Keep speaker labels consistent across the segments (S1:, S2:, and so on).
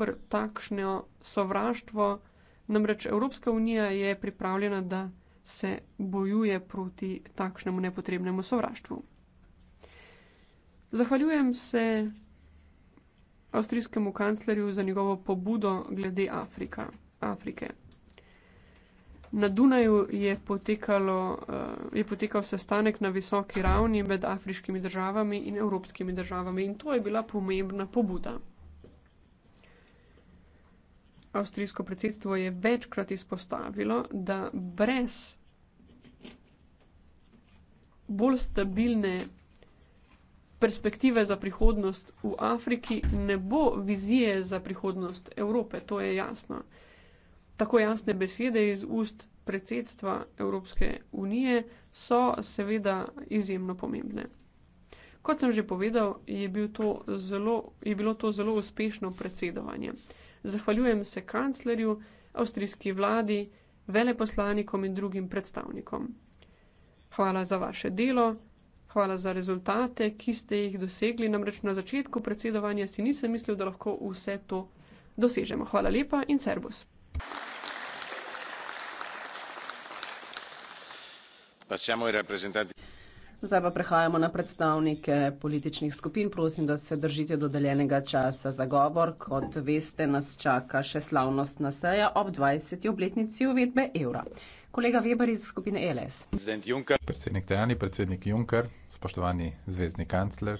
S1: odprt takšno sovraštvo. Namreč Evropska unija je pripravljena, da se bojuje proti takšnemu nepotrebnemu sovraštvu. Zahvaljujem se avstrijskemu kanclerju za njegovo pobudo glede Afrika, Afrike. Na Dunaju je, potekalo, eh, je potekal sestanek na visoki ravni med afriškimi državami in evropskimi državami in to je bila pomembna pobuda avstrijsko predsedstvo je večkrat izpostavilo, da brez bolj stabilne perspektive za prihodnost v Afriki ne bo vizije za prihodnost Evrope, to je jasno. Tako jasne besede iz ust predsedstva Evropske unije so seveda izjemno pomembne. Kot sem že povedal, je, bil to zelo, je bilo to zelo uspešno predsedovanje zahvaljujem se kanclerju, avstrijski vladi, veleposlanikom in drugim predstavnikom. Hvala za vaše delo, hvala za rezultate, ki ste jih dosegli, namreč na začetku predsedovanja si nisem mislil, da lahko vse to
S2: dosežemo. Hvala lepa in servus.
S3: Passiamo ai rappresentanti.
S2: Zdaj pa prehajamo na predstavnike političnih skupin. Prosim, da se držite dodeljenega časa za govor. Kot veste, nas čaka še slavnostna seja ob 20. obletnici uvedbe evra. Kolega Weber iz skupine LS.
S4: Predsednik Tajani, predsednik Juncker, spoštovani zvezdni kancler,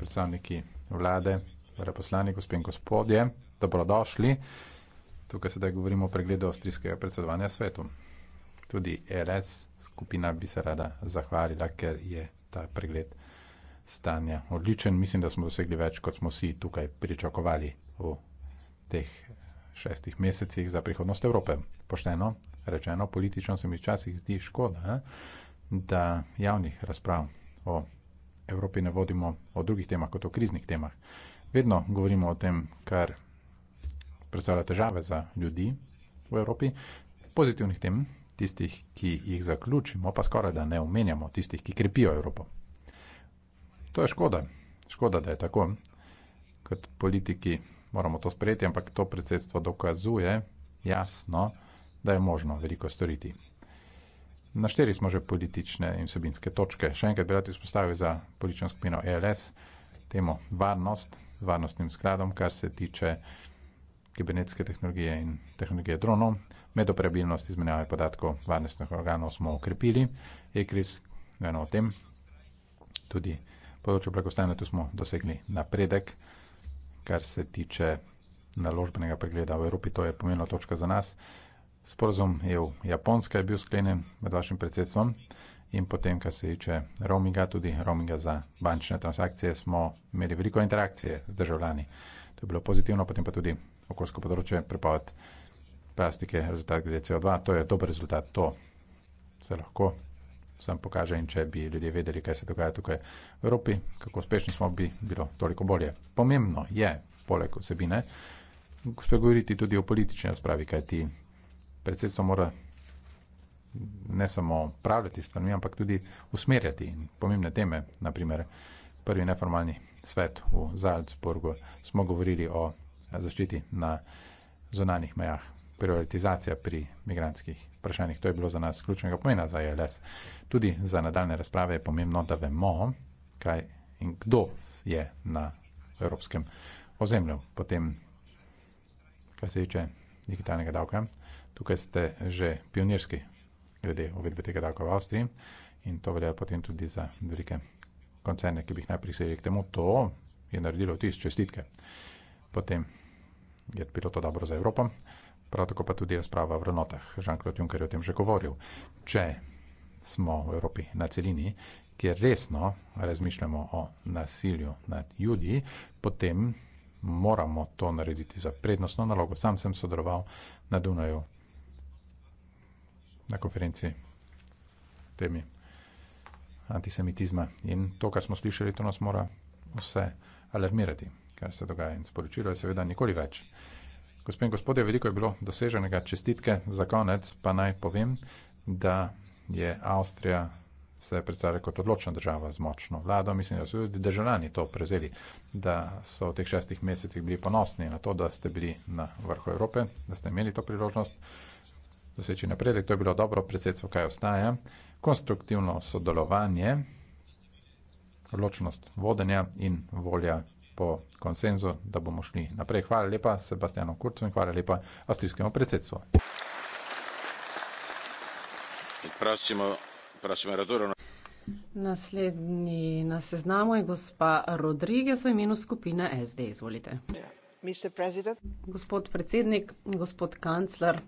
S4: predstavniki vlade, veleposlani, gospe in gospodje, dobrodošli. Tukaj sedaj govorimo o pregledu avstrijskega predsedovanja svetu. Tudi LS skupina bi se rada zahvalila, ker je ta pregled stanja odličen. Mislim, da smo dosegli več, kot smo si tukaj pričakovali v teh šestih mesecih za prihodnost Evrope. Pošteno rečeno, politično se mi včasih zdi škoda, da javnih razprav o Evropi ne vodimo o drugih temah kot o kriznih temah. Vedno govorimo o tem, kar predstavlja težave za ljudi v Evropi, pozitivnih tem, tistih, ki jih zaključimo, pa skoraj da ne omenjamo tistih, ki krepijo Evropo. To je škoda. Škoda, da je tako. Kot politiki moramo to sprejeti, ampak to predsedstvo dokazuje jasno, da je možno veliko storiti. Našteli smo že politične in vsebinske točke. Še enkrat bi rad izpostavil za politično skupino ELS temo varnost, varnostnim skladom, kar se tiče kibernetske tehnologije in tehnologije dronov, med opravilnost izmenjave podatkov varnostnih organov smo okrepili. ECRIS, eno o tem, tudi področju blagostanja, tu smo dosegli napredek, kar se tiče naložbenega pregleda v Evropi, to je pomenila točka za nas. Sporozum EU Japonska je bil sklenjen med vašim predsedstvom in potem, kar se tiče roaminga, tudi roaminga za bančne transakcije, smo imeli veliko interakcije z državljani. To je bilo pozitivno, potem pa tudi okoljsko področje prepoved plastike, rezultat glede CO2, to je dober rezultat, to se lahko sam pokaže in če bi ljudje vedeli, kaj se dogaja tukaj v Evropi, kako uspešni smo, bi bilo toliko bolje. Pomembno je, poleg vsebine, spregovoriti tudi o politični razpravi, kaj ti predsedstvo mora ne samo pravljati s stvarmi, ampak tudi usmerjati in pomembne teme, naprimer prvi neformalni svet v Zalcburgu, smo govorili o zaščiti na zonanih mejah prioritizacija pri migranskih vprašanjih. To je bilo za nas ključnega pomena za ILS. E tudi za nadaljne razprave je pomembno, da vemo, kaj in kdo je na evropskem ozemlju. Potem, kar se tiče digitalnega davka, tukaj ste že pionirski glede uvedbe tega davka v Avstriji in to velja potem tudi za velike koncerne, ki bi jih najprej sedeli k temu. To je naredilo tisti čestitke. Potem je bilo to dobro za Evropo. Prav tako pa tudi razprava o vrednotah. Jean-Claude Juncker je o tem že govoril. Če smo v Evropi na celini, kjer resno razmišljamo o nasilju nad ljudi, potem moramo to narediti za prednostno nalogo. Sam sem sodeloval na Dunaju na konferenci temi antisemitizma in to, kar smo slišali, to nas mora vse alarmirati, kar se dogaja in sporočilo je seveda nikoli več. Gospod in gospodje, veliko je bilo doseženega. Čestitke za konec, pa naj povem, da je Avstrija se predstavlja kot odločna država z močno vlado. Mislim, da so tudi državljani to prezeli, da so v teh šestih mesecih bili ponosni na to, da ste bili na vrhu Evrope, da ste imeli to priložnost doseči napredek. To je bilo dobro predsedstvo, kaj ostaja. Konstruktivno sodelovanje, odločnost vodenja in volja po konsenzu, da bomo šli naprej. Hvala lepa Sebastianu Kurcu in hvala lepa avstrijskemu predsedstvu.
S2: Naslednji na seznamu je gospa Rodriguez v imenu skupine SD. Izvolite. Gospod predsednik, gospod kancler,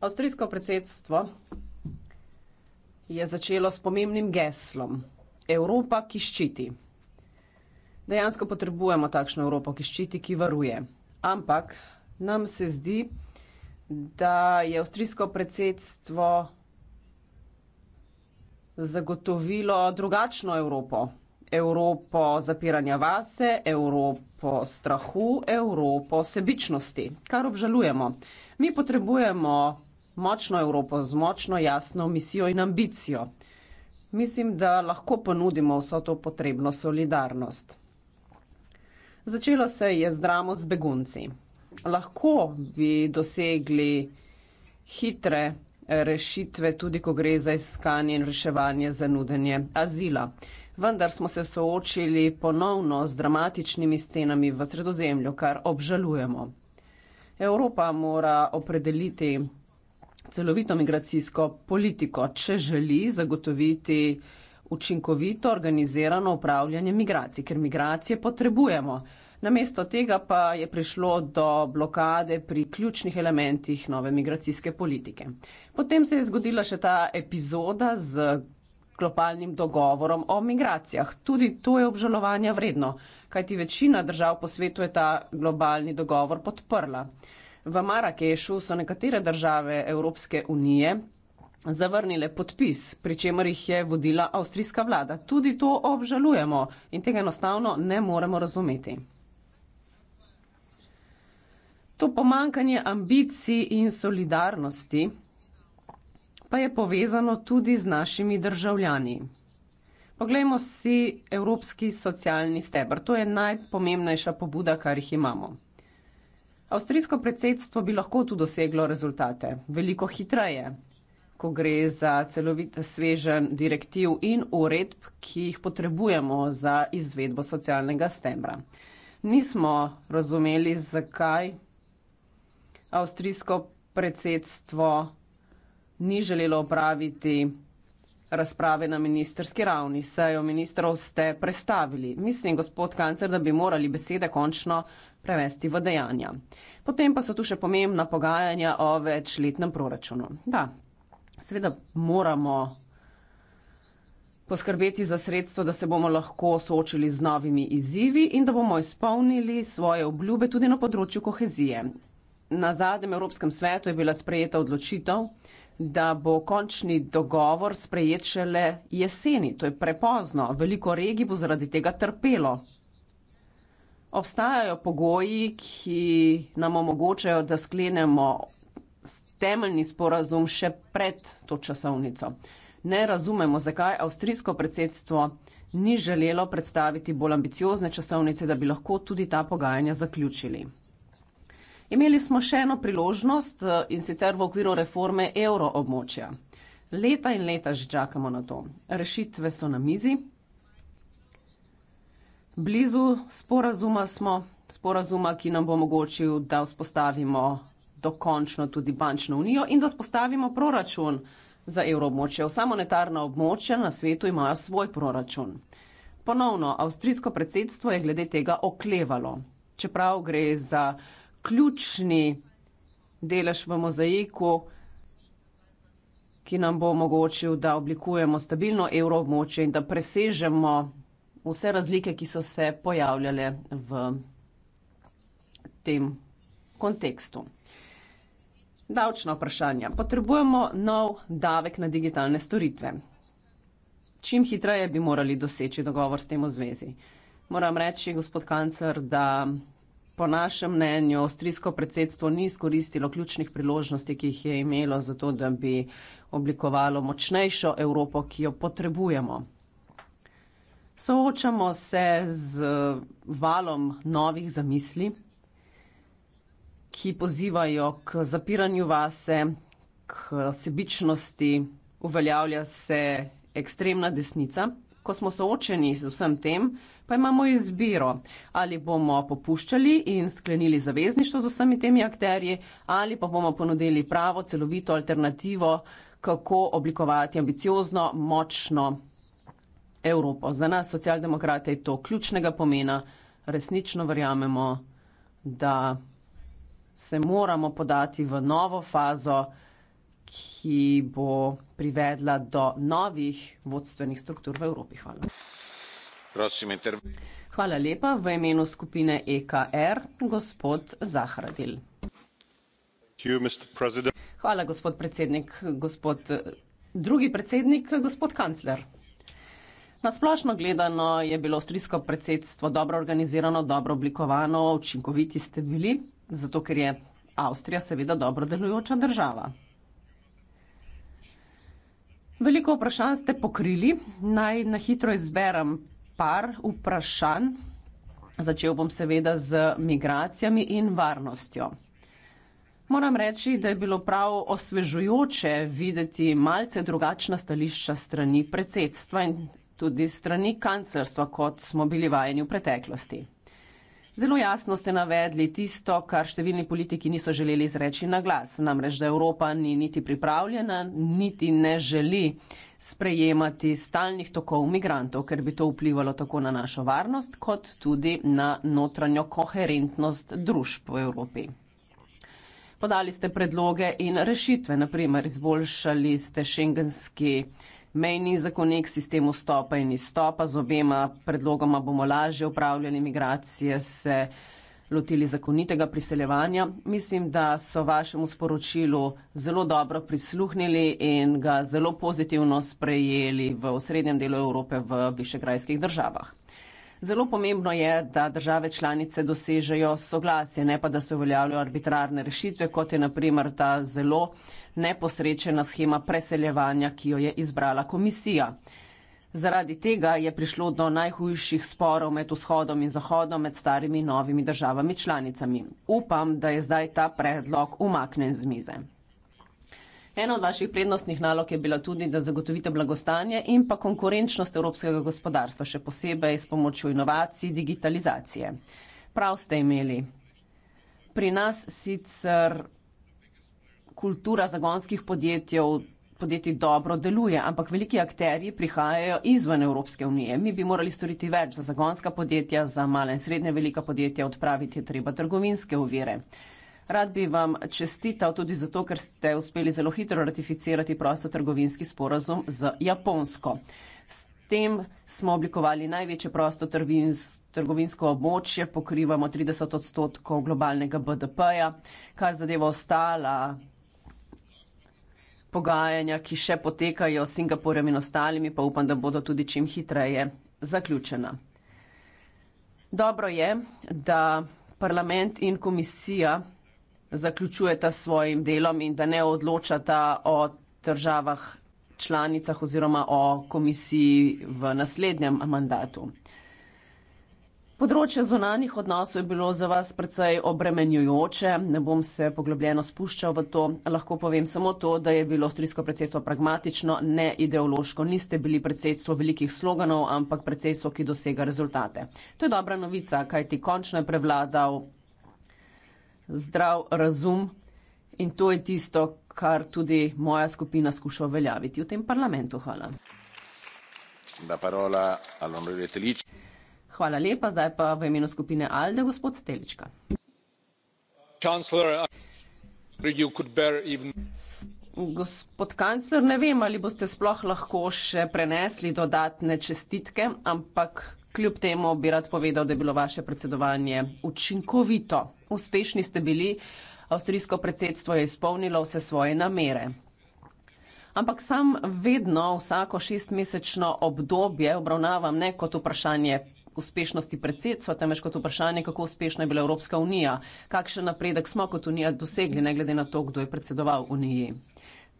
S2: avstrijsko predsedstvo je začelo s pomembnim geslom Evropa, ki ščiti. Dejansko potrebujemo takšno Evropo, ki ščiti, ki varuje. Ampak nam se zdi, da je avstrijsko predsedstvo zagotovilo drugačno Evropo. Evropo zapiranja vase, Evropo strahu, Evropo sebičnosti, kar obžalujemo. Mi potrebujemo močno Evropo z močno, jasno misijo in ambicijo. Mislim, da lahko ponudimo vso to potrebno solidarnost. Začelo se je z dramo z begunci. Lahko bi dosegli hitre rešitve, tudi ko gre za iskanje in reševanje za nudenje azila. Vendar smo se soočili ponovno z dramatičnimi scenami v sredozemlju, kar obžalujemo. Evropa mora opredeliti celovito migracijsko politiko, če želi zagotoviti učinkovito organizirano upravljanje migracij, ker migracije potrebujemo. Namesto tega pa je prišlo do blokade pri ključnih elementih nove migracijske politike. Potem se je zgodila še ta epizoda z globalnim dogovorom o migracijah. Tudi to je obžalovanja vredno, kajti večina držav po svetu je ta globalni dogovor podprla. V Marakešu so nekatere države Evropske unije zavrnile podpis, pri čemer jih je vodila avstrijska vlada. Tudi to obžalujemo in tega enostavno ne moremo razumeti. To pomankanje ambicij in solidarnosti pa je povezano tudi z našimi državljani. Poglejmo si Evropski socialni stebr. To je najpomembnejša pobuda, kar jih imamo. Avstrijsko predsedstvo bi lahko tu doseglo rezultate. Veliko hitreje, ko gre za celovite svežen direktiv in uredb, ki jih potrebujemo za izvedbo socialnega stembra. Nismo razumeli, zakaj avstrijsko predsedstvo ni želelo opraviti razprave na ministerski ravni, sejo ministrov ste prestavili. Mislim, gospod kancer, da bi morali besede končno prevesti v dejanja. Potem pa so tu še pomembna pogajanja o večletnem proračunu. Da, seveda moramo poskrbeti za sredstvo, da se bomo lahko soočili z novimi izzivi in da bomo izpolnili svoje obljube tudi na področju kohezije. Na zadnjem Evropskem svetu je bila sprejeta odločitev, da bo končni dogovor sprejet šele jeseni. To je prepozno. Veliko regij bo zaradi tega trpelo. Obstajajo pogoji, ki nam omogočajo, da sklenemo temeljni sporazum še pred to časovnico. Ne razumemo, zakaj avstrijsko predsedstvo ni želelo predstaviti bolj ambiciozne časovnice, da bi lahko tudi ta pogajanja zaključili. Imeli smo še eno priložnost eh, in sicer v okviru reforme evroobmočja. Leta in leta že čakamo na to. Rešitve so na mizi. Blizu sporazuma smo, sporazuma, ki nam bo omogočil, da vzpostavimo dokončno tudi bančno unijo in da spostavimo proračun za evroobmočje. Vsa monetarna območja na svetu imajo svoj proračun. Ponovno, avstrijsko predsedstvo je glede tega oklevalo. Čeprav gre za ključni delež v mozaiku, ki nam bo omogočil, da oblikujemo stabilno evroobmočje in da presežemo vse razlike, ki so se pojavljale v tem kontekstu. Davčno vprašanje. Potrebujemo nov davek na digitalne storitve. Čim hitreje bi morali doseči dogovor s tem v zvezi. Moram reči, gospod kancler, da po našem mnenju avstrijsko predsedstvo ni izkoristilo ključnih priložnosti, ki jih je imelo za to, da bi oblikovalo močnejšo Evropo, ki jo potrebujemo. Soočamo se z valom novih zamisli ki pozivajo k zapiranju vase, k sebičnosti, uveljavlja se ekstremna desnica. Ko smo soočeni z vsem tem, pa imamo izbiro, ali bomo popuščali in sklenili zavezništvo z vsemi temi akterji, ali pa bomo ponudili pravo, celovito alternativo, kako oblikovati ambiciozno, močno Evropo. Za nas, socialdemokrate, je to ključnega pomena. Resnično verjamemo, da se moramo podati v novo fazo, ki bo privedla do novih vodstvenih struktur v Evropi. Hvala. Prosim, Hvala lepa v imenu skupine EKR, gospod Zahradil. Hvala, gospod predsednik, gospod drugi predsednik, gospod kancler. Nasplošno gledano je bilo avstrijsko predsedstvo dobro organizirano, dobro oblikovano, učinkoviti ste bili zato ker je Avstrija seveda dobro delujoča država. Veliko vprašanj ste pokrili, naj na hitro izberem par vprašanj. Začel bom seveda z migracijami in varnostjo. Moram reči, da je bilo prav osvežujoče videti malce drugačna stališča strani predsedstva in tudi strani kancelstva, kot smo bili vajeni v preteklosti. Zelo jasno ste navedli tisto, kar številni politiki niso želeli izreči na glas, namreč, da Evropa ni niti pripravljena, niti ne želi sprejemati stalnih tokov migrantov, ker bi to vplivalo tako na našo varnost, kot tudi na notranjo koherentnost družb v Evropi. Podali ste predloge in rešitve, naprimer, izboljšali ste šengenski. Mejni zakonik, sistem vstopa in izstopa, z obema predlogoma bomo lažje upravljali migracije, se lotili zakonitega priseljevanja. Mislim, da so vašemu sporočilu zelo dobro prisluhnili in ga zelo pozitivno sprejeli v osrednjem delu Evrope v višegrajskih državah. Zelo pomembno je, da države članice dosežejo soglasje, ne pa da se uveljavljajo arbitrarne rešitve, kot je naprimer ta zelo neposrečena schema preseljevanja, ki jo je izbrala komisija. Zaradi tega je prišlo do najhujših sporov med vzhodom in zahodom, med starimi in novimi državami članicami. Upam, da je zdaj ta predlog umaknen z mize. Ena od vaših prednostnih nalog je bila tudi, da zagotovite blagostanje in pa konkurenčnost evropskega gospodarstva, še posebej s pomočjo inovacij, digitalizacije. Prav ste imeli. Pri nas sicer kultura zagonskih podjetij, podjetij dobro deluje, ampak veliki akteri prihajajo izven Evropske unije. Mi bi morali storiti več za zagonska podjetja, za male in srednje velika podjetja, odpraviti je treba trgovinske uvire. Rad bi vam čestital tudi zato, ker ste uspeli zelo hitro ratificirati prostotrgovinski sporazum z Japonsko. S tem smo oblikovali največje prostotrgovinsko območje, pokrivamo 30 odstotkov globalnega BDP-ja, kar zadeva ostala pogajanja, ki še potekajo s Singapurjem in ostalimi, pa upam, da bodo tudi čim hitreje zaključena. Dobro je, da parlament in komisija zaključujeta svojim delom in da ne odločata o državah članicah oziroma o komisiji v naslednjem mandatu. Področje zonanih odnosov je bilo za vas precej obremenjujoče, ne bom se poglobljeno spuščal v to, lahko povem samo to, da je bilo avstrijsko predsedstvo pragmatično, ne ideološko, niste bili predsedstvo velikih sloganov, ampak predsedstvo, ki dosega rezultate. To je dobra novica, kajti končno je prevladal zdrav razum in to je tisto, kar tudi moja skupina skuša uveljaviti v tem parlamentu. Hvala.
S4: La parola all'onorevole Telici.
S2: Hvala lepa. Zdaj pa v imenu skupine ALDE gospod Stelička. Gospod kancler, ne vem, ali boste sploh lahko še prenesli dodatne čestitke, ampak kljub temu bi rad povedal, da je bilo vaše predsedovanje učinkovito. Uspešni ste bili, avstrijsko predsedstvo je izpolnilo vse svoje namere. Ampak sam vedno vsako šestmesečno obdobje obravnavam ne kot vprašanje uspešnosti predsedstva, temveč kot vprašanje, kako uspešna je bila Evropska unija, kakšen napredek smo kot unija dosegli, ne glede na to, kdo je predsedoval uniji.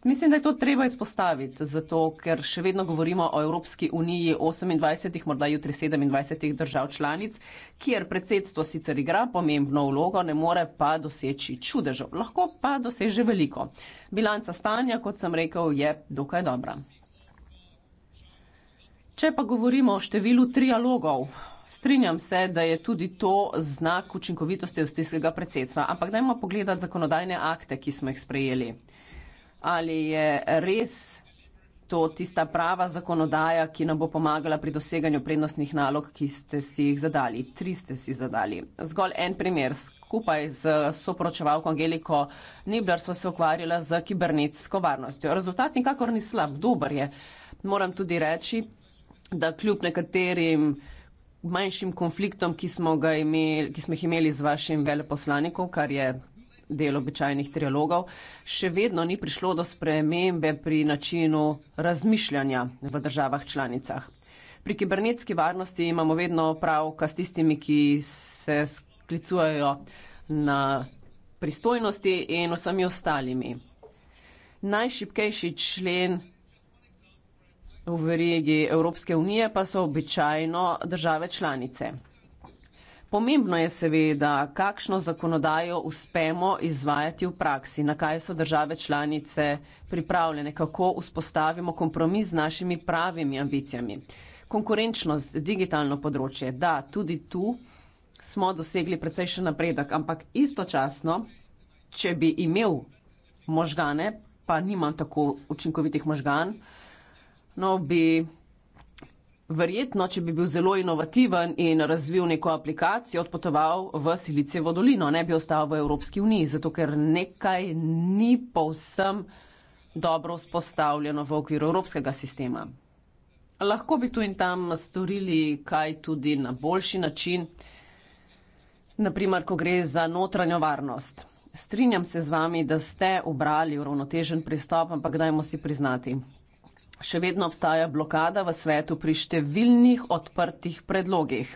S2: Mislim, da je to treba izpostaviti, zato ker še vedno govorimo o Evropski uniji 28, morda jutri 27 držav članic, kjer predsedstvo sicer igra pomembno vlogo, ne more pa doseči čudežev, lahko pa doseže veliko. Bilanca stanja, kot sem rekel, je dokaj dobra. Če pa govorimo o številu trialogov, strinjam se, da je tudi to znak učinkovitosti avstrijskega predsedstva. Ampak dajmo pogledati zakonodajne akte, ki smo jih sprejeli. Ali je res to tista prava zakonodaja, ki nam bo pomagala pri doseganju prednostnih nalog, ki ste si jih zadali? Tri ste si zadali. Zgolj en primer. Skupaj z soporočevalko Angeliko Nibler smo se ukvarjali z kibernetsko varnostjo. Rezultat nikakor ni slab, dober je. Moram tudi reči, da kljub nekaterim manjšim konfliktom, ki smo, imeli, ki smo jih imeli z vašim veleposlanikom, kar je del običajnih trialogov, še vedno ni prišlo do spremembe pri načinu razmišljanja v državah članicah. Pri kibernetski varnosti imamo vedno prav, kaj s tistimi, ki se sklicujejo na pristojnosti in vsemi ostalimi. Najšipkejši člen V verigi Evropske unije pa so običajno države članice. Pomembno je seveda, kakšno zakonodajo uspemo izvajati v praksi, na kaj so države članice pripravljene, kako vzpostavimo kompromis z našimi pravimi ambicijami. Konkurenčnost, digitalno področje, da, tudi tu smo dosegli precejšen napredek, ampak istočasno, če bi imel možgane, pa nimam tako učinkovitih možganov, no, bi verjetno, če bi bil zelo inovativen in razvil neko aplikacijo, odpotoval v Silicijevo dolino, ne bi ostal v Evropski uniji, zato ker nekaj ni povsem dobro spostavljeno v okviru evropskega sistema. Lahko bi tu in tam storili kaj tudi na boljši način, naprimer, ko gre za notranjo varnost. Strinjam se z vami, da ste ubrali uravnotežen pristop, ampak dajmo si priznati, še vedno obstaja blokada v svetu pri številnih odprtih predlogih.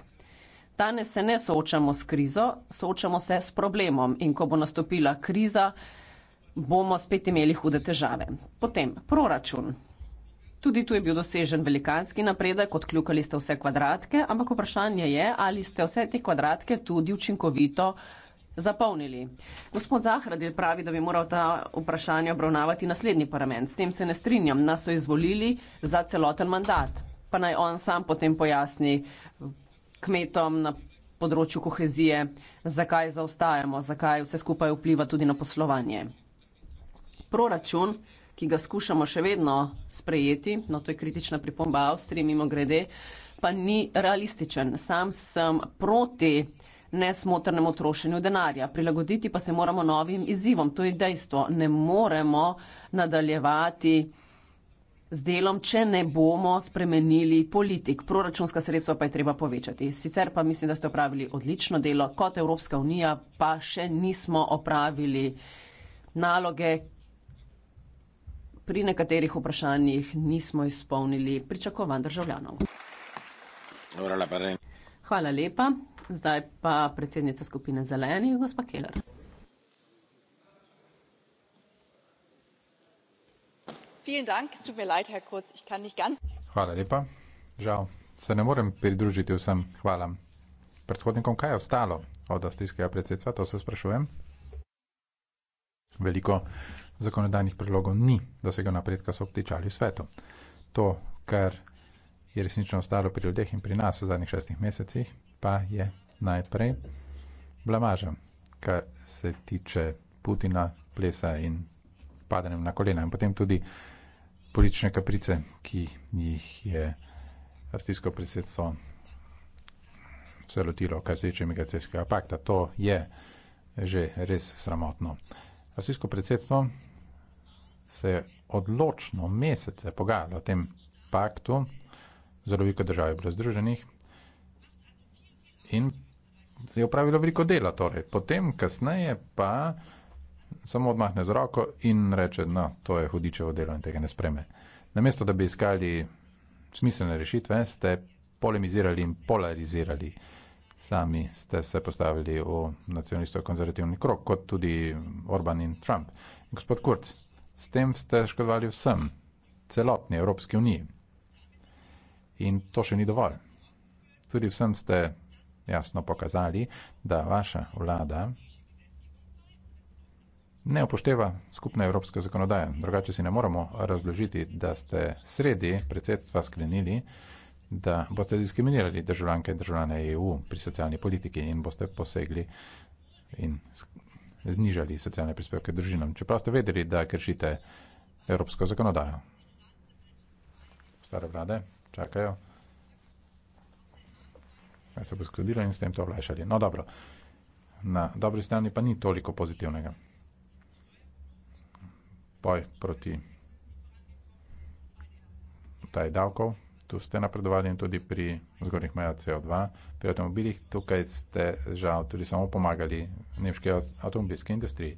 S2: Danes se ne soočamo s krizo, soočamo se s problemom in ko bo nastopila kriza, bomo spet imeli hude težave. Potem proračun. Tudi tu je bil dosežen velikanski napredek, odkljukali ste vse kvadratke, ampak vprašanje je, ali ste vse te kvadratke tudi učinkovito zapolnili. Gospod Zahradil pravi, da bi moral ta vprašanja obravnavati naslednji parlament. S tem se ne strinjam. Nas so izvolili za celoten mandat. Pa naj on sam potem pojasni eh, kmetom na področju kohezije, zakaj zaostajamo, zakaj vse skupaj vpliva tudi na poslovanje. Proračun, ki ga skušamo še vedno sprejeti, no to je kritična pripomba Avstrije, mimo grede, pa ni realističen. Sam sem proti nesmotrnemu trošenju denarja. Prilagoditi pa se moramo novim izzivom. To je dejstvo. Ne moremo nadaljevati z delom, če ne bomo spremenili politik. Proračunska sredstva pa je treba povečati. Sicer pa mislim, da ste opravili odlično delo. Kot Evropska unija pa še nismo opravili naloge. Pri nekaterih vprašanjih nismo izpolnili pričakovanj državljanov. Hvala lepa. Zdaj pa predsednica skupine Zeleni, gospa Keller.
S4: Hvala lepa. Žal se ne morem pridružiti vsem hvala. Predhodnikom, kaj je ostalo od avstrijskega predsedstva, to se sprašujem. Veliko zakonodajnih predlogov ni dosegel napredka, so obtičali svetu. To, kar je resnično ostalo pri ljudeh in pri nas v zadnjih šestih mesecih, pa je najprej blamaža, kar se tiče Putina, plesa in padanjem na kolena in potem tudi politične kaprice, ki jih je avstrijsko predsedstvo celotilo, kar se tiče migracijskega pakta. To je že res sramotno. Avstrijsko predsedstvo se je odločno mesece pogajalo o tem paktu, zelo veliko držav je bilo združenih, in je upravilo veliko dela. Torej. Potem, kasneje, pa samo odmahne z roko in reče, no, to je hudičevo delo in tega ne spreme. Namesto, da bi iskali smiselne rešitve, ste polemizirali in polarizirali. Sami ste se postavili v nacionalisto-konzervativni krok, kot tudi Orban in Trump. In gospod Kurc, s tem ste škodovali vsem, celotni Evropski uniji. In to še ni dovolj. Tudi vsem ste jasno pokazali, da vaša vlada ne upošteva skupne evropske zakonodaje. Drugače si ne moremo razložiti, da ste sredi predsedstva sklenili, da boste diskriminirali državljanke in državljane EU pri socialni politiki in boste posegli in znižali socialne prispevke družinam, čeprav ste vedeli, da kršite evropsko zakonodajo. Stare vlade čakajo kaj se bo zgodilo in s tem to vlajšali. No, dobro, na dobri strani pa ni toliko pozitivnega. Boj proti utaji davkov, tu ste napredovali in tudi pri zgornjih mejah CO2, pri avtomobilih, tukaj ste žal tudi samo pomagali nemški avtomobilski industriji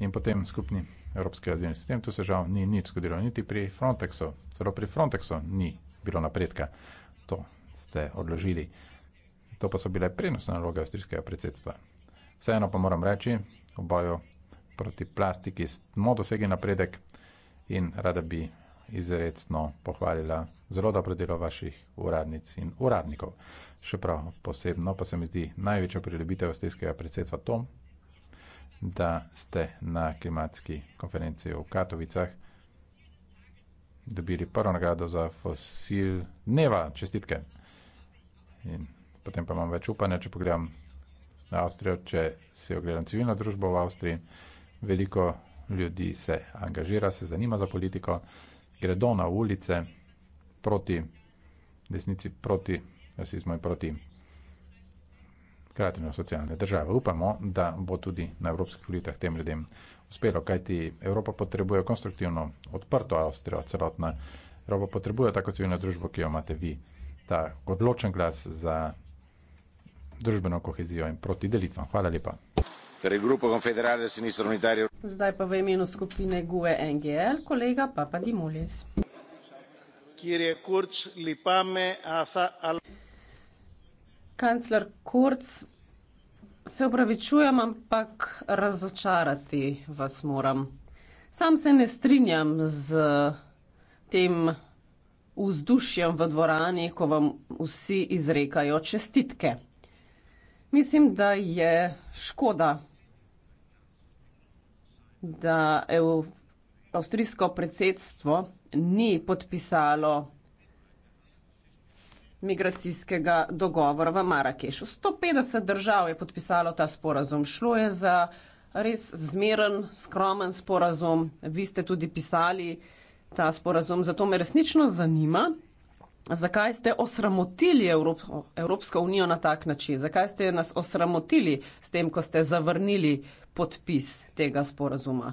S4: in potem skupni evropski azilni sistem, tu se žal ni nič zgodilo, niti pri Frontexu, celo pri Frontexu ni bilo napredka, to ste odložili. To pa so bile prednostne naloge avstrijskega predsedstva. Vseeno pa moram reči, v boju proti plastiki smo dosegli napredek in rada bi izredno pohvalila zelo dobro delo vaših uradnic in uradnikov. Še prav posebno pa se mi zdi največja prilebitev avstrijskega predsedstva to, da ste na klimatski konferenci v Katovicah dobili prvo nagrado za fosil dneva. Čestitke! In potem pa imam več upanja, če pogledam na Avstrijo, če se ogledam civilno družbo v Avstriji, veliko ljudi se angažira, se zanima za politiko, gredo na ulice proti desnici, proti rasizmu in proti kratenju socialne države. Upamo, da bo tudi na evropskih volitvah tem ljudem uspelo, kajti Evropa potrebuje konstruktivno odprto Avstrijo, celotna Evropa potrebuje tako civilno družbo, ki jo imate vi, ta odločen glas za družbeno kohezijo in proti delitvam. Hvala lepa.
S2: Zdaj pa v imenu skupine GUE NGL, kolega Papa Dimulis. Kancler Kurz, se upravičujem, ampak razočarati vas moram. Sam se ne strinjam z tem vzdušjem v dvorani, ko vam vsi izrekajo čestitke. Mislim, da je škoda, da EU, avstrijsko predsedstvo ni podpisalo migracijskega dogovora v Marakešu. 150 držav je podpisalo ta sporazum. Šlo je za res zmeren, skromen sporazum. Vi ste tudi pisali ta sporazum. Zato me resnično zanima, Zakaj ste osramotili Evrop Evropsko unijo na tak način? Zakaj ste nas osramotili s tem, ko ste zavrnili podpis tega sporazuma?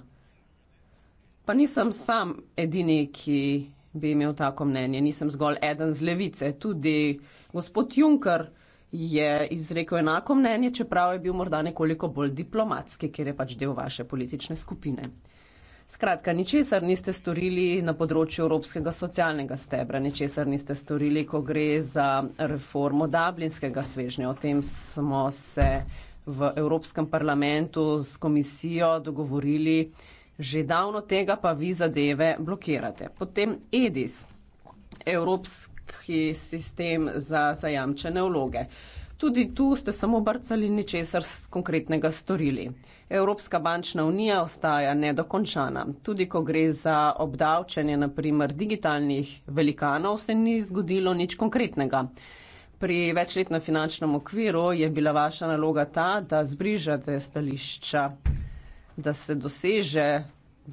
S2: Pa nisem sam edini, ki bi imel tako mnenje. Nisem zgolj eden z levice. Tudi gospod Juncker je izrekel enako mnenje, čeprav je bil morda nekoliko bolj diplomatski, ker je pač del vaše politične skupine. Skratka, ničesar niste storili na področju evropskega socialnega stebra, ničesar niste storili, ko gre za reformo Dablinskega svežnja. O tem smo se v Evropskem parlamentu s komisijo dogovorili že davno tega, pa vi zadeve blokirate. Potem EDIS, Evropski sistem za zajamčene vloge. Tudi tu ste samo brcali ničesar konkretnega storili. Evropska bančna unija ostaja nedokončana. Tudi ko gre za obdavčanje naprimer digitalnih velikanov, se ni zgodilo nič konkretnega. Pri večletnem finančnem okviru je bila vaša naloga ta, da zbližate stališča, da se doseže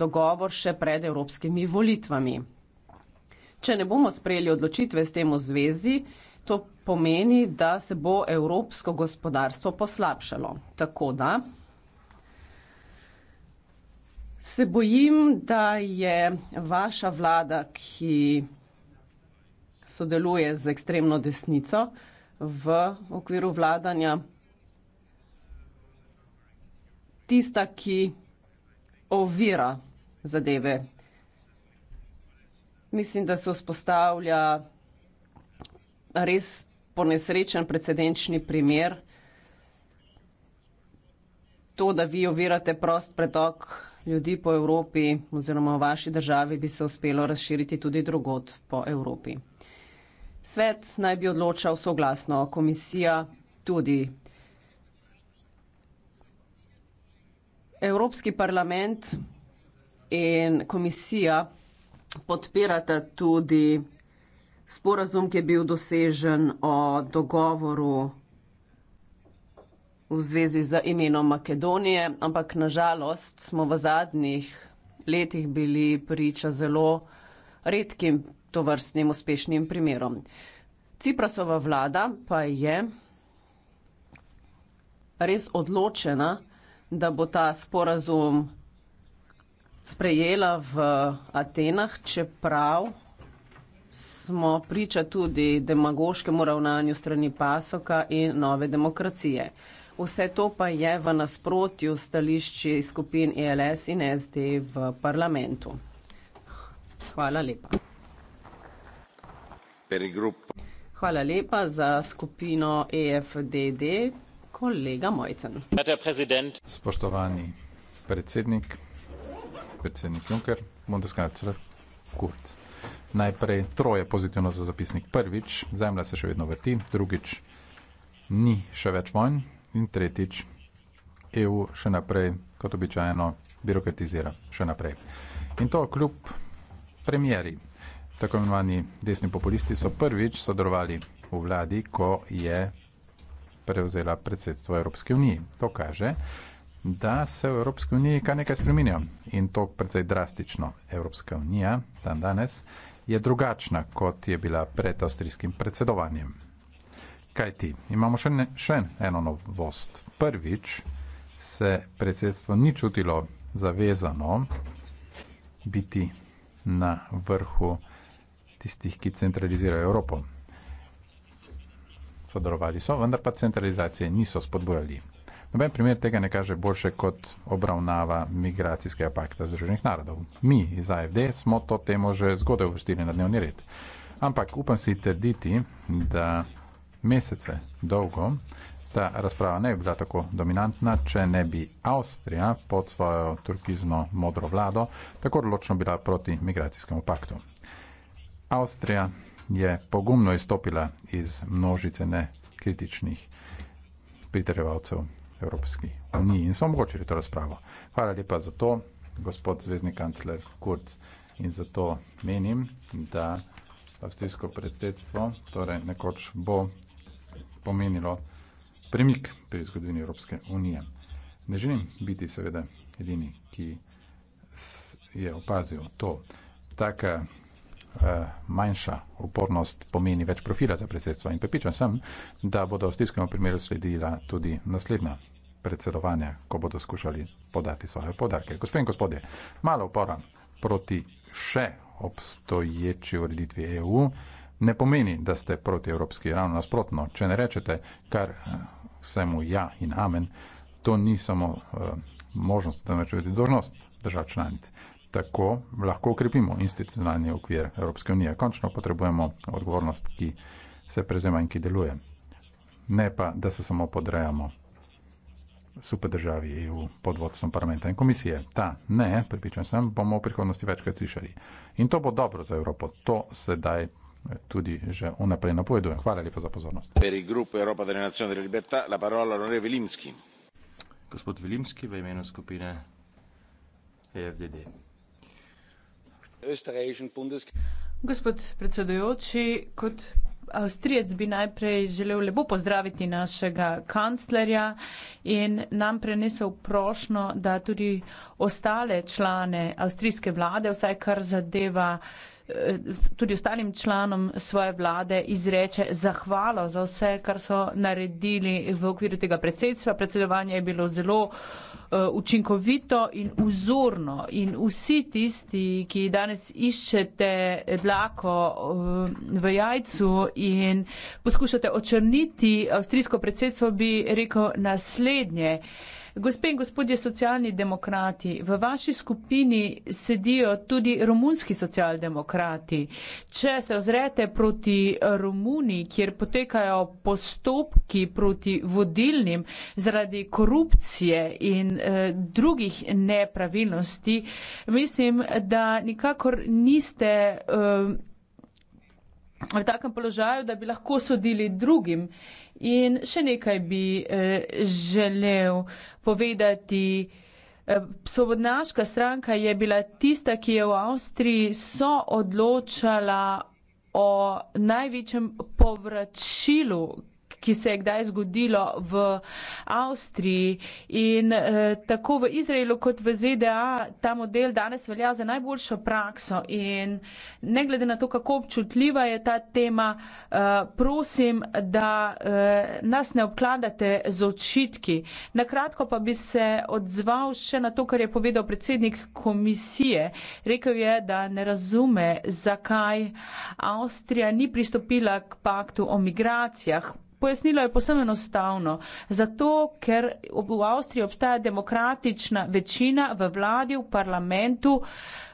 S2: dogovor še pred evropskimi volitvami. Če ne bomo sprejeli odločitve s tem v zvezi, to pomeni, da se bo evropsko gospodarstvo poslabšalo. Tako da se bojim, da je vaša vlada, ki sodeluje z ekstremno desnico v okviru vladanja, tista, ki ovira zadeve. Mislim, da se vzpostavlja res ponesrečen precedenčni primer. To, da vi ovirate prost pretok ljudi po Evropi oziroma v vaši državi, bi se uspelo razširiti tudi drugot po Evropi. Svet naj bi odločal soglasno, komisija tudi. Evropski parlament in komisija podpirata tudi sporazum, ki je bil dosežen o dogovoru v zvezi z imenom Makedonije, ampak nažalost smo v zadnjih letih bili priča zelo redkim tovrstnim uspešnim primerom. Ciprasova vlada pa je res odločena, da bo ta sporazum sprejela v Atenah, čeprav smo priča tudi demagoškemu ravnanju strani Pasoka in nove demokracije. Vse to pa je v nasprotju stališči skupin ELS in SD v parlamentu. Hvala lepa. Hvala lepa za skupino EFDD, kolega Mojcen.
S4: Spoštovani predsednik, predsednik Juncker, Bundeskancler Kurz. Najprej troje pozitivno za zapisnik. Prvič, zemlja se še vedno vrti, drugič, ni še več vojn in tretjič, EU še naprej, kot običajno, birokratizira še naprej. In to kljub premjeri. Tako imenovani desni populisti so prvič sodelovali v vladi, ko je prevzela predsedstvo Evropske unije. To kaže, da se v Evropske unije kar nekaj spremenijo in to precej drastično. Evropska unija, dan danes, je drugačna, kot je bila pred avstrijskim predsedovanjem. Kaj ti? Imamo še, ne, še eno novost. Prvič se predsedstvo ni čutilo zavezano biti na vrhu tistih, ki centralizirajo Evropo. Sodelovali so, vendar pa centralizacije niso spodbojali. Noben primer tega ne kaže boljše kot obravnava migracijskega pakta Združenih narodov. Mi iz AFD smo to temo že zgodaj uvrstili na dnevni red. Ampak upam si trditi, da mesece dolgo ta razprava ne bi bila tako dominantna, če ne bi Avstrija pod svojo turkizno modro vlado tako odločno bila proti migracijskemu paktu. Avstrija je pogumno izstopila iz množice nekritičnih pritrevalcev Evropski uniji in so omogočili to razpravo. Hvala lepa za to, gospod zvezdni kancler Kurz. In zato menim, da avstrijsko predsedstvo torej nekoč bo pomenilo premik pri zgodovini Evropske unije. Ne želim biti seveda edini, ki je opazil to. Taka eh, manjša upornost pomeni več profila za predsedstvo in prepričan sem, da bodo avstrijskemu primeru sledila tudi naslednja predsedovanja, ko bodo skušali podati svoje podarke. Gospod in gospodje, malo upora proti še obstoječi ureditvi EU ne pomeni, da ste proti Evropski, ravno nasprotno, če ne rečete kar eh, vsemu ja in amen, to ni samo uh, možnost, temveč tudi dožnost držav članic. Tako lahko ukrepimo institucionalni okvir Evropske unije. Končno potrebujemo odgovornost, ki se prezema in ki deluje. Ne pa, da se samo podrejamo super državi EU pod vodstvom parlamenta in komisije. Ta ne, pripričan sem, bomo v prihodnosti večkrat slišali. In to bo dobro za Evropo. To sedaj eh, tudi že unaprej napovedujem. Hvala lepa za pozornost.
S3: Gospod Vilimski, v imenu skupine EFDD.
S5: Gospod predsedujoči, kot Avstrijec bi najprej želel lepo pozdraviti našega kanclerja in nam prenesel prošno, da tudi ostale člane avstrijske vlade, vsaj kar zadeva eh, tudi ostalim članom svoje vlade, izreče zahvalo za vse, kar so naredili v okviru tega predsedstva. Predsedovanje je bilo zelo. Eh, učinkovito in vzorno in vsi tisti, ki danes iščete dlako eh, v jajcu in poskušate očrniti avstrijsko predsedstvo, bi rekel naslednje. Gospe in gospodje socialni demokrati, v vaši skupini sedijo tudi romunski socialdemokrati. Če se ozrete proti eh, Romuniji, kjer potekajo postopki proti vodilnim zaradi korupcije in eh, drugih nepravilnosti, mislim, da nikakor niste. Eh, v takem položaju, da bi lahko sodili drugim. Eh, In še nekaj bi eh, želel povedati. Eh, Svobodnaška stranka je bila tista, ki je v Avstriji so odločala o največjem povračilu, ki se je kdaj zgodilo v Avstriji. In eh, tako v Izraelu kot v ZDA ta model danes velja za najboljšo prakso. In ne glede na to, kako občutljiva je ta tema, eh, prosim, da eh, nas ne obkladate z očitki. Nakratko pa bi se odzval še na to, kar je povedal predsednik komisije. Rekel je, da ne razume, zakaj Avstrija ni pristopila k paktu o migracijah pojasnilo je posebno enostavno. Zato, ker v Avstriji obstaja demokratična večina v vladi, v parlamentu,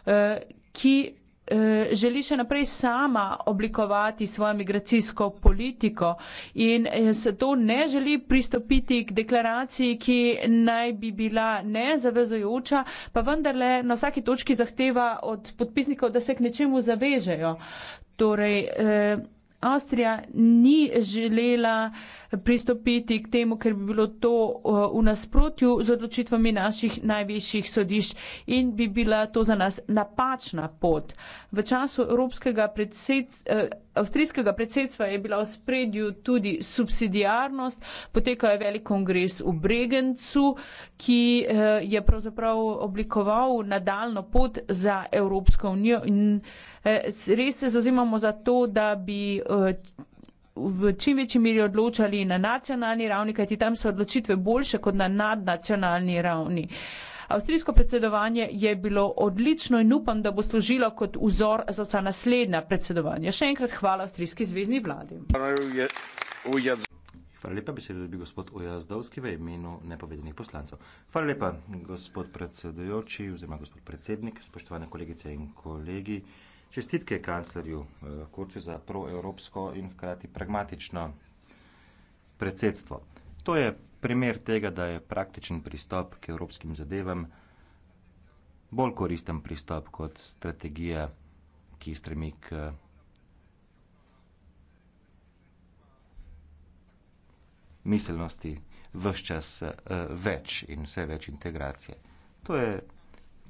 S5: eh, ki eh, želi še naprej sama oblikovati svojo migracijsko politiko in eh, se to ne želi pristopiti k deklaraciji, ki naj bi bila nezavezujoča, pa vendarle na vsaki točki zahteva od podpisnikov, da se k nečemu zavežejo. Torej, eh, Avstrija ni želela pristopiti k temu, ker bi bilo to eh, v nasprotju z odločitvami naših najvišjih sodišč in bi bila to za nas napačna pot. V času evropskega predsedstva, eh, avstrijskega predsedstva je bila v spredju tudi subsidijarnost, potekal je velik kongres v Bregencu, ki eh, je pravzaprav oblikoval nadaljno pot za Evropsko unijo in eh, Eh, res se zauzemamo za to, da bi eh, v čim večji meri odločali na nacionalni ravni, kajti tam so odločitve boljše kot na nadnacionalni ravni. Avstrijsko predsedovanje je bilo odlično in upam, da bo služilo kot vzor za vsa naslednja predsedovanja. Še enkrat hvala Avstrijski zvezdni vladi.
S3: Hvala lepa, besedo dobi gospod Ojazdovski v imenu nepovedanih poslancev. Hvala lepa, gospod predsedujoči oziroma gospod predsednik, spoštovane kolegice in kolegi. Čestitke kanclerju eh, Kurcu za proevropsko in hkrati pragmatično predsedstvo. To je primer tega, da je praktičen pristop k evropskim zadevam bolj koristen pristop kot strategija, ki stremi k miselnosti vse čas eh, več in vse več integracije. To je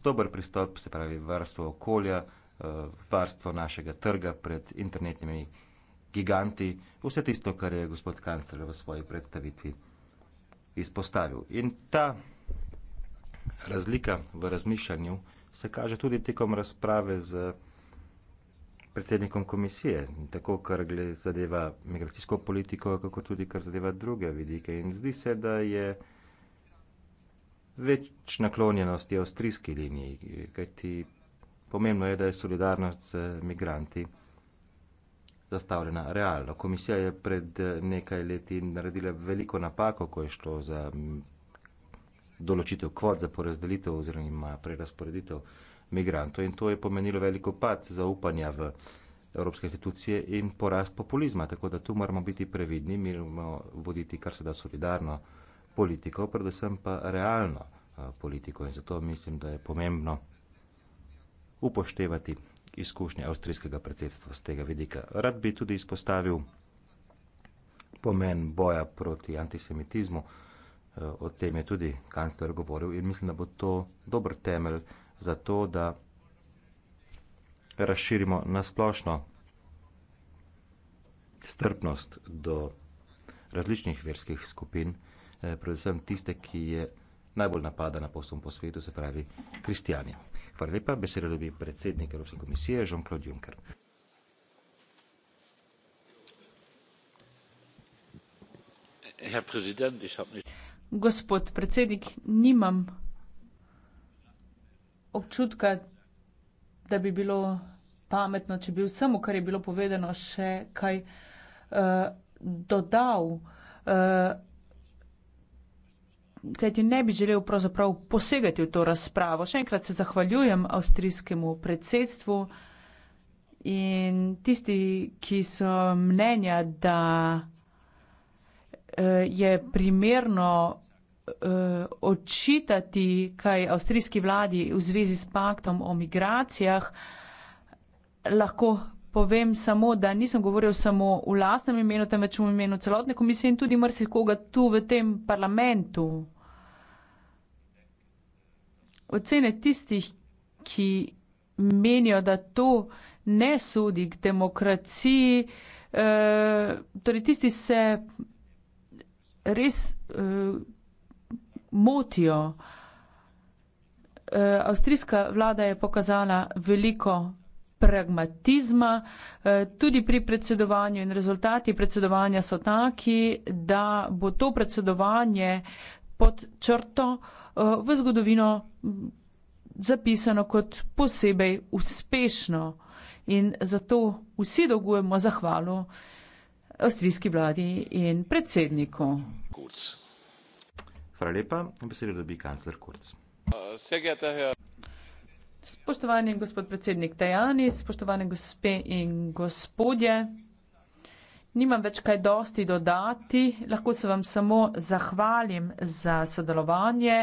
S3: dober pristop, se pravi, varstvo okolja. Eh, varstvo našega trga pred internetnimi giganti, vse tisto, kar je gospod kancler v svoji predstavitvi izpostavil. In ta razlika v razmišljanju se kaže tudi tekom razprave z predsednikom komisije, tako kar zadeva migracijsko politiko, kako tudi kar zadeva druge vidike. In zdi se, da je več naklonjenosti avstrijski liniji, kajti Pomembno je, da je solidarnost z migranti zastavljena realno. Komisija je pred nekaj leti naredila veliko napako, ko je šlo za določitev kvot za porazdelitev oziroma prerasporeditev migrantov in to je pomenilo veliko pad zaupanja v evropske institucije in porast populizma. Tako da tu moramo biti previdni, mi moramo voditi kar se da solidarno politiko, predvsem pa realno eh, politiko in zato mislim, da je pomembno upoštevati izkušnje avstrijskega predsedstva z tega vidika. Rad bi tudi izpostavil pomen boja proti antisemitizmu, eh, o tem je tudi kancler govoril in mislim, da bo to dober temelj za to, da razširimo nasplošno strpnost do različnih verskih skupin, eh, predvsem tiste, ki je najbolj napadana poslom po svetu, se pravi kristijanijo. Hvala lepa. Besedo dobi predsednik Evropske komisije Jean-Claude Juncker.
S5: Gospod predsednik, nimam občutka, da bi bilo pametno, če bi vsemu, kar je bilo povedano, še kaj eh, dodal. Eh, kaj ti ne bi želel pravzaprav posegati v to razpravo. Še enkrat se zahvaljujem avstrijskemu predsedstvu in tisti, ki so mnenja, da eh, je primerno eh, očitati, kaj avstrijski vladi v zvezi s paktom o migracijah lahko povem samo, da nisem govoril samo v lastnem imenu, temveč v imenu celotne komisije in tudi marsikoga tu v tem parlamentu. Ocene tistih, ki menijo, da to ne sodi k demokraciji, e, torej tisti se res e, motijo. E, avstrijska vlada je pokazala veliko pragmatizma, eh, tudi pri predsedovanju in rezultati predsedovanja so taki, da bo to predsedovanje pod črto eh, v zgodovino zapisano kot posebej uspešno in zato vsi dolgujemo zahvalo avstrijski vladi in predsedniku.
S3: Kurz. Hvala lepa, besedo dobi kancler Kurz.
S4: Uh,
S5: Spoštovani gospod predsednik Tajani, spoštovane gospe in gospodje, nimam več kaj dosti dodati, lahko se vam samo zahvalim za sodelovanje,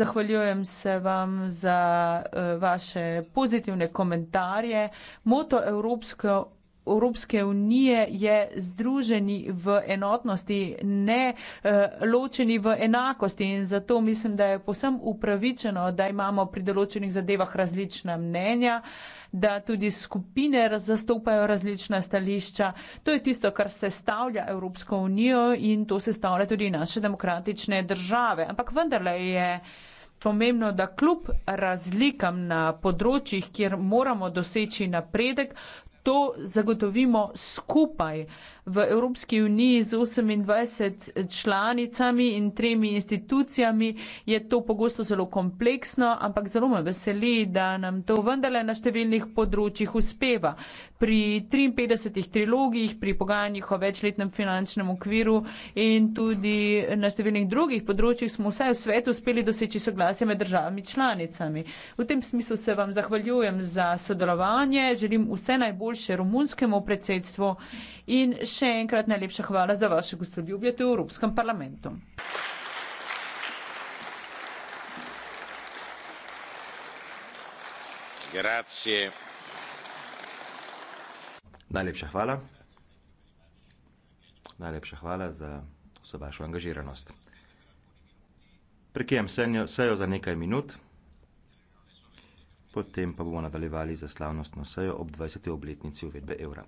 S5: zahvaljujem se vam za eh, vaše pozitivne komentarje. Moto Evropske Evropske unije je združeni v enotnosti, ne eh, ločeni v enakosti in zato mislim, da je posem upravičeno, da imamo pri določenih zadevah različna mnenja, da tudi skupine zastopajo različna stališča. To je tisto, kar se stavlja Evropsko unijo in to se stavlja tudi naše demokratične države. Ampak vendarle je pomembno, da kljub razlikam na področjih, kjer moramo doseči napredek, to zagotovimo skupaj v Evropski uniji z 28 članicami in tremi institucijami je to pogosto zelo kompleksno, ampak zelo me veseli, da nam to vendarle na številnih področjih uspeva. Pri 53 trilogijih, pri pogajanjih o večletnem finančnem okviru in tudi na številnih drugih področjih smo vsaj v svetu uspeli doseči soglasje med državami članicami. V tem smislu se vam zahvaljujem za sodelovanje, želim vse najboljše romunskemu predsedstvu. In še enkrat najlepša hvala za vaše gostoljubje v Evropskem parlamentu.
S3: Grazie. Najlepša hvala. Najlepša hvala za vso vašo angažiranost. Prekinjam senjo, sejo za nekaj minut, potem pa bomo nadaljevali za slavnostno sejo ob dvajseti obletnici uvedbe evra.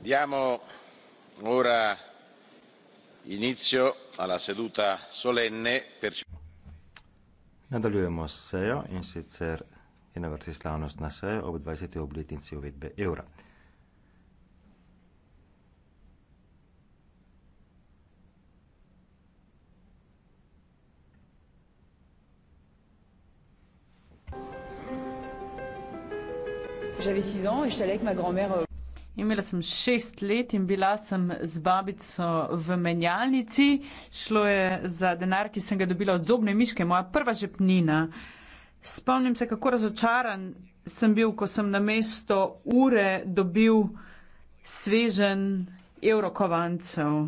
S3: diamo ora inizio alla seduta solenne per nadaljujemo s sejo in sicer je na vrsti slavnost na sejo ob 20. obletnici uvedbe evra
S5: J'avais 6 ans et j'étais allée avec ma grand-mère. Euh, Imela sem šest let in bila sem z babico v menjalnici. Šlo je za denar, ki sem ga dobila od zobne miške, moja prva žepnina. Spomnim se, kako razočaran sem bil, ko sem na mesto ure dobil svežen evrokovancev.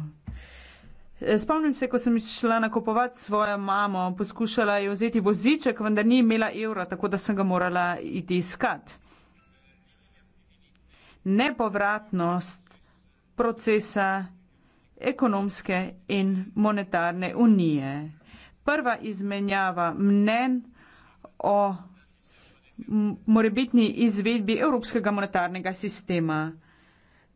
S5: Spomnim se, ko sem šla nakupovati svojo mamo, poskušala je vzeti voziček, vendar ni imela evra, tako da sem ga morala iti iskati nepovratnost procesa ekonomske in monetarne unije. Prva izmenjava mnen o morebitni izvedbi evropskega monetarnega sistema.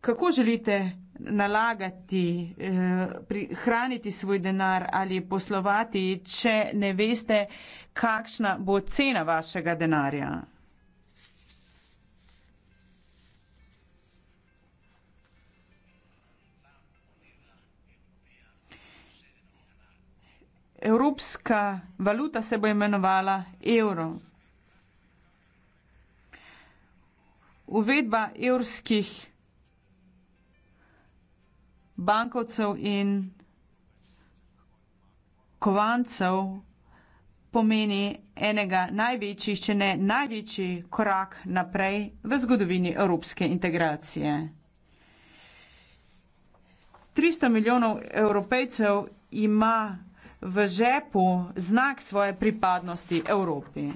S5: Kako želite nalagati, eh, prihraniti svoj denar ali poslovati, če ne veste, kakšna bo cena vašega denarja? evropska valuta se bo imenovala evro. Uvedba evrskih bankovcev in kovancev pomeni enega največjih, če ne največji korak naprej v zgodovini evropske integracije. 300 milijonov evropejcev ima v žepu znak svoje pripadnosti Evropi.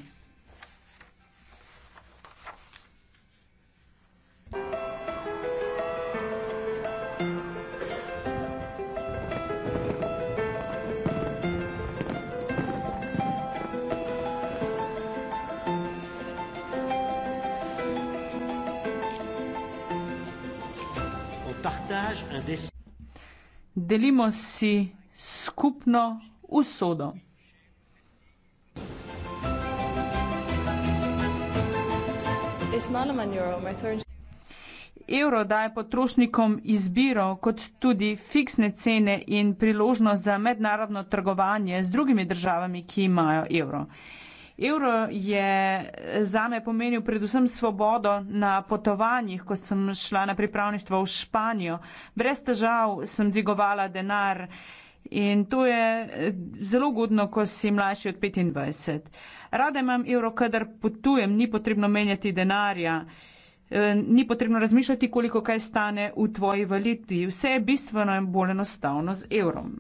S5: Delimo si skupno usodo. Euro daje potrošnikom izbiro, kot tudi fiksne cene in priložnost za mednarodno trgovanje z drugimi državami, ki imajo evro. Euro je zame pomenil predvsem svobodo na potovanjih, ko sem šla na pripravništvo v Španijo. Brez težav sem dvigovala denar. In to je eh, zelo godno, ko si mlajši od 25. Rada imam evro, kadar potujem, ni potrebno menjati denarja, eh, ni potrebno razmišljati, koliko kaj stane v tvoji valiti. Vse je bistveno in bolj enostavno z evrom.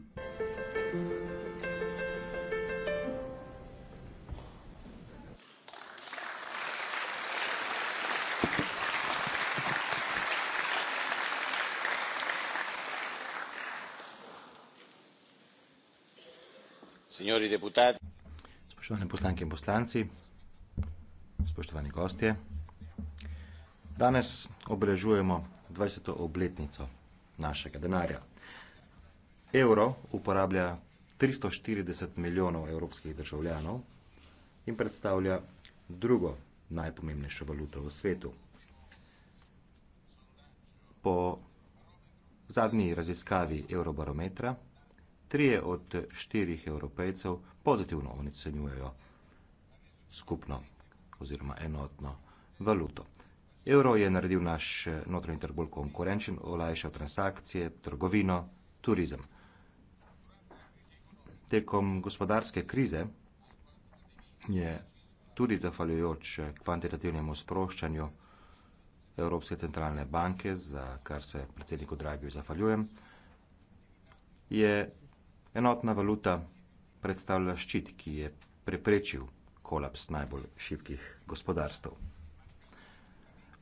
S3: Spoštovane poslanke in poslanci, spoštovani gostje. Danes obeležujemo dvajseto obletnico našega denarja. Evro uporablja tristo štirideset milijonov evropskih državljanov in predstavlja drugo najpomembnejšo valuto v svetu. Po zadnji raziskavi Eurobarometra trije od štirih evropejcev pozitivno ocenjujejo skupno oziroma enotno valuto. Evro je naredil naš notranji trg bolj konkurenčen, olajšal transakcije, trgovino, turizem. Tekom gospodarske krize je tudi zahvaljujoč kvantitativnemu sproščanju Evropske centralne banke, za kar se predsedniku Dragiju zahvaljujem, je Enotna valuta predstavlja ščit, ki je preprečil kolaps najbolj šibkih gospodarstv.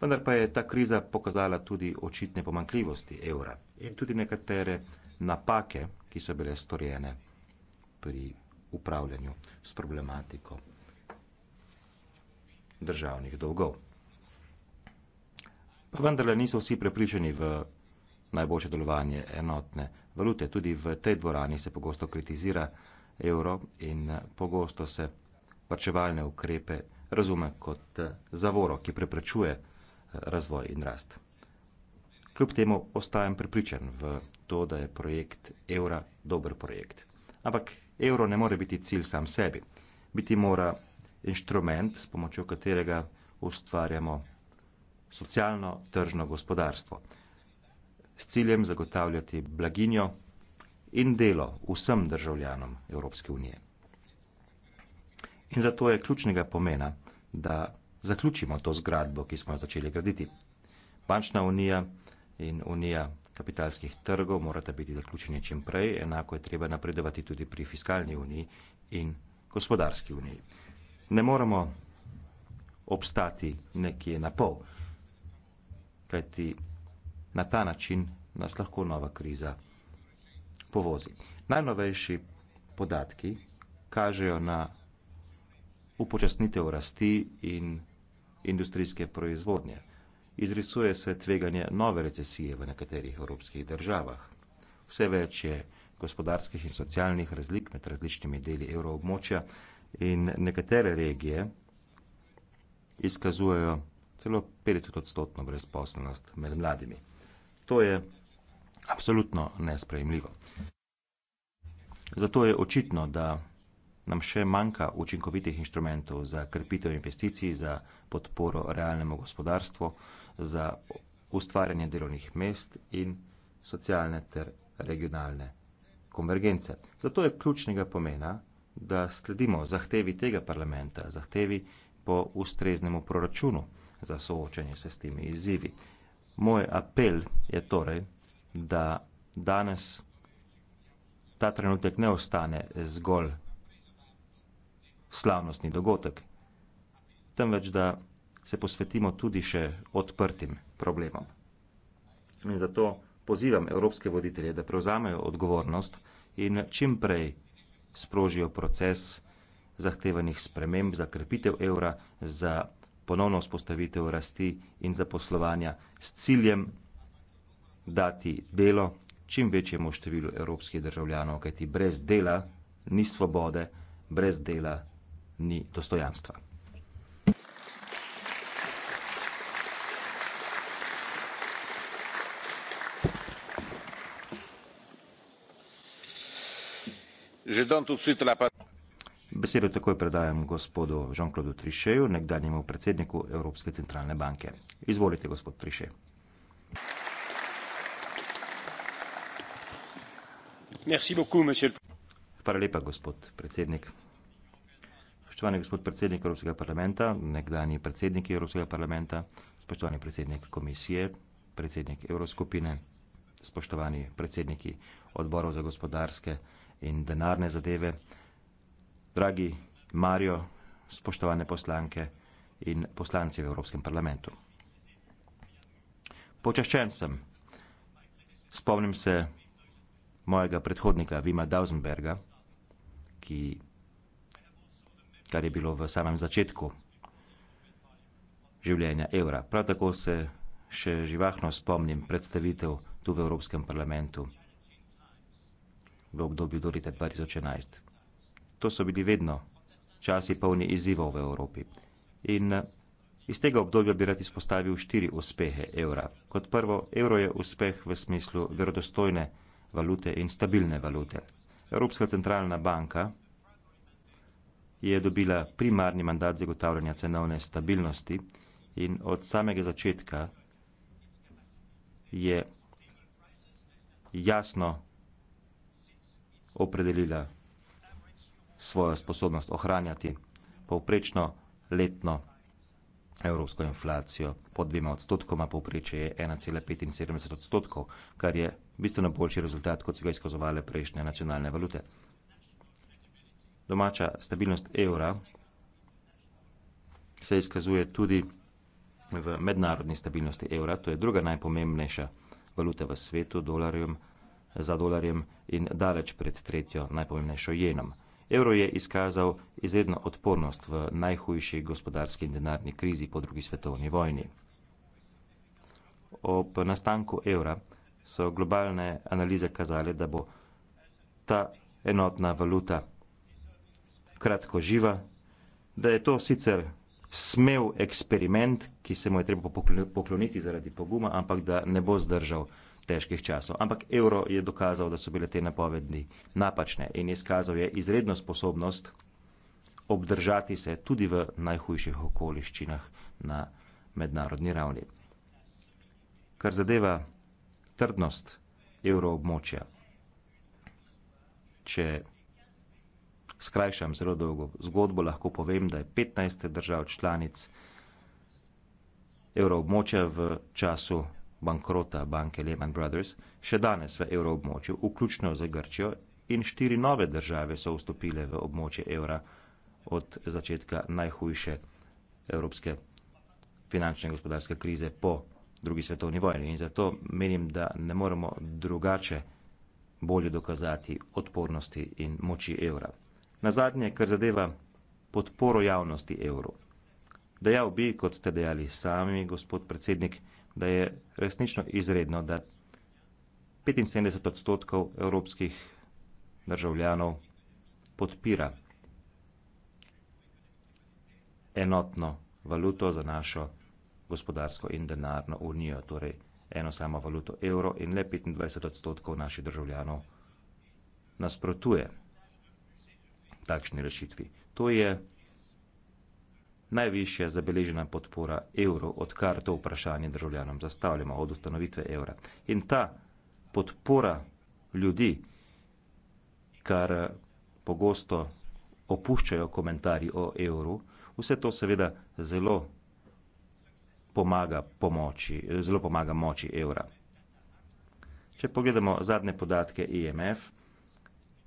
S3: Vendar pa je ta kriza pokazala tudi očitne pomankljivosti evra in tudi nekatere napake, ki so bile storjene pri upravljanju s problematiko državnih dolgov. Pa vendarle niso vsi prepričani v najboljše delovanje enotne valute. Tudi v tej dvorani se pogosto kritizira evro in pogosto se varčevalne ukrepe razume kot eh, zavoro, ki preprečuje eh, razvoj in rast. Kljub temu ostajam prepričan v to, da je projekt evra dober projekt. Ampak evro ne more biti cilj sam sebi. Biti mora inštrument, s pomočjo katerega ustvarjamo socialno tržno gospodarstvo s ciljem zagotavljati blaginjo in delo vsem državljanom Evropske unije. In zato je ključnega pomena, da zaključimo to zgradbo, ki smo jo začeli graditi. Bančna unija in unija kapitalskih trgov morata biti zaključeni čim prej, enako je treba napredovati tudi pri fiskalni uniji in gospodarski uniji. Ne moremo obstati nekje na pol, kajti Na ta način nas lahko nova kriza povozi. Najnovejši podatki kažejo na upočasnitev rasti in industrijske proizvodnje. Izrisuje se tveganje nove recesije v nekaterih evropskih državah. Vse več je gospodarskih in socialnih razlik med različnimi deli evroobmočja in nekatere regije izkazujejo celo 50-odstotno brezposobnost med mladimi. To je absolutno nesprejemljivo. Zato je očitno, da nam še manjka učinkovitih inštrumentov za krepitev investicij, za podporo realnemu gospodarstvu, za ustvarjanje delovnih mest in socialne ter regionalne konvergence. Zato je ključnega pomena, da sledimo zahtevi tega parlamenta, zahtevi po ustreznemu proračunu za soočanje se s temi izzivi. Moj apel je torej, da danes ta trenutek ne ostane zgolj slavnostni dogodek, temveč da se posvetimo tudi še odprtim problemom. In zato pozivam evropske voditelje, da prevzamejo odgovornost in čim prej sprožijo proces zahtevanih sprememb za krepitev evra, za ponovno vzpostavitev rasti in zaposlovanja s ciljem dati delo čim večjemu številu evropskih državljanov, kajti brez dela ni svobode, brez dela ni dostojanstva. Besedo takoj predajam gospodu Jean-Claude Trišeju, nekdanjemu predsedniku Evropske centralne banke. Izvolite, gospod Triše. Hvala lepa, gospod predsednik. Spoštovani gospod predsednik Evropskega parlamenta, nekdanji predsedniki Evropskega parlamenta, spoštovani predsednik komisije, predsednik Evroskupine, spoštovani predsedniki odborov za gospodarske in denarne zadeve, dragi Mario, spoštovane poslanke in poslanci v Evropskem parlamentu. Počaščen sem. Spomnim se mojega predhodnika Vima Dausenberga, ki, kar je bilo v samem začetku življenja evra. Prav tako se še živahno spomnim predstavitev tu v Evropskem parlamentu v obdobju do leta 2011. To so bili vedno časi polni izzivov v Evropi. In eh, iz tega obdobja bi rad izpostavil štiri uspehe evra. Kot prvo, evro je uspeh v smislu verodostojne valute in stabilne valute. Evropska centralna banka je dobila primarni mandat zagotavljanja cenovne stabilnosti in od samega začetka je jasno opredelila svojo sposobnost ohranjati povprečno letno evropsko inflacijo pod dvema odstotkoma, povprečje je 1,75 odstotkov, kar je bistveno boljši rezultat, kot so ga izkazovale prejšnje nacionalne valute. Domača stabilnost evra se izkazuje tudi v mednarodni stabilnosti evra, to je druga najpomembnejša valuta v svetu dolarjem, za dolarjem in daleč pred tretjo najpomembnejšo jenom. Evro je izkazal izredno odpornost v najhujši gospodarski in denarni krizi po drugi svetovni vojni. Ob nastanku evra so globalne analize kazale, da bo ta enotna valuta kratko živa, da je to sicer smel eksperiment, ki se mu je treba pokloniti zaradi poguma, ampak da ne bo zdržal težkih časov. Ampak evro je dokazal, da so bile te napovedi napačne in je izkazal je izredno sposobnost obdržati se tudi v najhujših okoliščinah na mednarodni ravni. Kar zadeva trdnost evroobmočja, če skrajšam zelo dolgo zgodbo, lahko povem, da je 15 držav članic evroobmočja v času bankrota banke Lehman Brothers, še danes v evroobmočju, vključno z Grčijo, in štiri nove države so vstopile v območje evra od začetka najhujše evropske finančne in gospodarske krize po drugi svetovni vojni. In zato menim, da ne moremo drugače bolje dokazati odpornosti in moči evra. Na zadnje, kar zadeva podporo javnosti evru. Dejal bi, kot ste dejali sami, gospod predsednik, da je resnično izredno, da 75 odstotkov evropskih državljanov podpira enotno valuto za našo gospodarsko in denarno unijo, torej eno samo valuto evro in le 25 odstotkov naših državljanov nasprotuje takšni rešitvi. To je najvišja zabeležena podpora evru, odkar to vprašanje državljanom zastavljamo od ustanovitve evra. In ta podpora ljudi, kar eh, pogosto opuščajo komentarji o evru, vse to seveda zelo pomaga, pomoči, eh, zelo pomaga moči evra. Če pogledamo zadnje podatke IMF,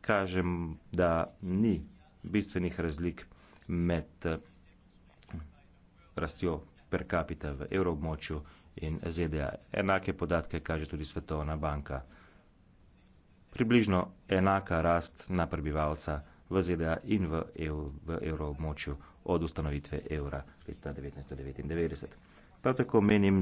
S3: kažem, da ni bistvenih razlik med eh, rastjo per capita v evroobmočju in ZDA. Enake podatke kaže tudi Svetovna banka. Približno enaka rast na prebivalca v ZDA in v, EU, v evroobmočju od ustanovitve evra leta 1999. Prav tako menim,